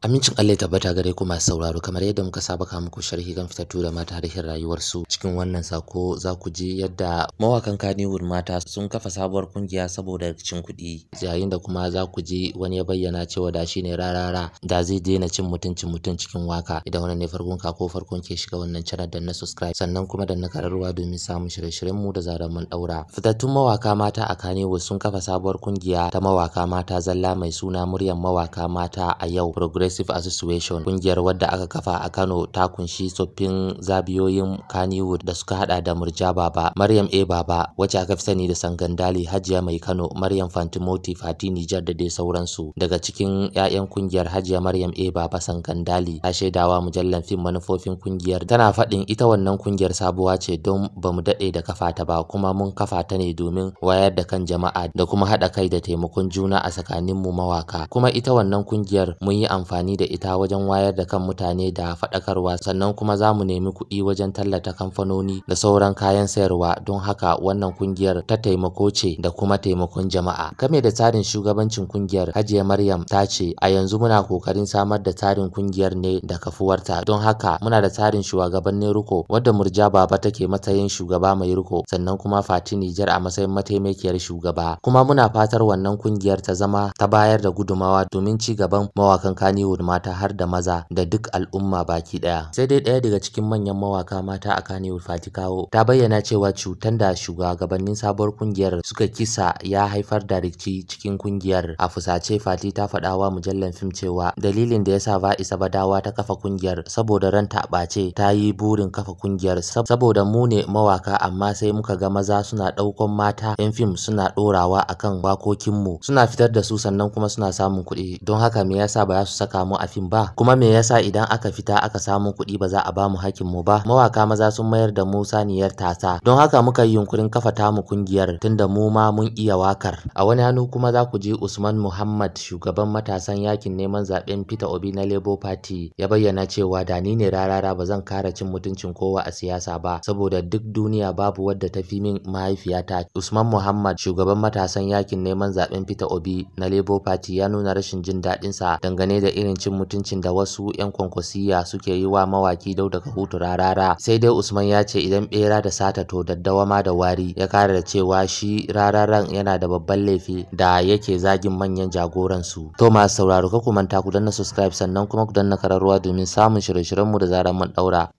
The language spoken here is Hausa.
Amincin Allah ya tabbata gare ku masu sauraro kamar yadda muka saba ka muku sharhi kan fitattu da mata rayuwar rayuwarsu cikin wannan sako za ku ji yadda mawakan Kannywood mata sun kafa sabuwar kungiya saboda cin kuɗi yayin da kuma za ku ji wani ya bayyana cewa da shi ne rarara da zai daina cin mutunci mutum cikin waka idan wannan ne farkon ka ko farkon ke shiga wannan channel dan na subscribe sannan kuma da na kararruwa domin samun shirye-shiryen mu da zaran mun daura fitattun mawaka mata a Kannywood sun kafa sabuwar kungiya ta mawaka mata zalla mai suna muryar mawaka mata a yau progress Progressive Association kungiyar wadda aka kafa a Kano ta kunshi tsoffin zabiyoyin Kannywood da suka haɗa da Murja Baba, Maryam A Baba wacce aka fi sani da Sangandali, Hajiya Mai Kano, Maryam Fantimoti, Fati Jar da dai sauransu. Daga cikin 'ya'yan kungiyar Hajiya Maryam A Baba Sangandali ta shaidawa mujallar fim manufofin kungiyar tana faɗin ita wannan kungiyar sabuwa ce don ba mu daɗe da kafa ta ba kuma mun kafa ta ne domin wayar da kan jama'a da kuma haɗa kai da taimakon juna a tsakaninmu mawaka kuma ita wannan kungiyar mun yi amfani amfani da ita wajen wayar da kan mutane da faɗakarwa sannan kuma za mu nemi kuɗi wajen tallata kamfanoni da sauran kayan sayarwa don haka wannan kungiyar ta taimako ce da kuma taimakon jama'a game da tsarin shugabancin kungiyar hajiya maryam ta ce a yanzu muna kokarin samar da tsarin kungiyar ne da kafuwarta don haka muna da tsarin shugabannin Ruko wadda murja baba take matsayin shugaba mai ruko sannan kuma fati nijar a matsayin mataimakiyar shugaba kuma muna fatar wannan kungiyar ta zama ta bayar da gudumawa domin ci gaban mawakan kani rediyo mata har da maza da duk al'umma baki daya sai dai daya daga cikin manyan mawaka mata a Kanewood kawo ta bayyana cewa cutan da shugabannin sabuwar kungiyar suka kisa ya haifar da rikici cikin kungiyar a fusace Fati ta faɗa wa mujallar fim cewa dalilin da yasa isa Badawa ta kafa kungiyar saboda ranta ɓace ta yi burin kafa kungiyar saboda mu ne mawaka amma sai muka ga maza suna ɗaukon mata 'yan fim suna ɗorawa akan wakokinmu suna fitar da su sannan kuma suna samun kuɗi don haka me yasa ba za su saka kamu a fim ba kuma me yasa idan aka fita aka samu kuɗi ba za a bamu hakkin mu ba mawaka maza sun mayar da mu saniyar tasa don haka muka yi yunkurin kafa mu kungiyar tunda mu ma mun iya wakar a wani hannu kuma za ku je Usman Muhammad shugaban matasan yakin neman zaben Peter Obi na Labour Party ya bayyana cewa da ni ne rarara ba zan kara cin mutuncin kowa a siyasa ba saboda duk duniya babu wadda ta fi min mahaifiyata Usman Muhammad shugaban matasan yakin neman zaben Peter Obi na Labour Party ya nuna rashin jin daɗinsa dangane da irin irin cin mutuncin da wasu 'yan kwankwasiya suke yi wa mawaki dau daga hutu Rarara. Sai dai Usman ya ce idan bera da sata to daddawa ma da wari ya kara da cewa shi Rararan yana da babban laifi da yake zagin manyan jagoransu. To masu sauraro ka ku manta ku danna subscribe sannan kuma ku danna kararruwa domin samun shirye-shiryenmu da zaran mun daura.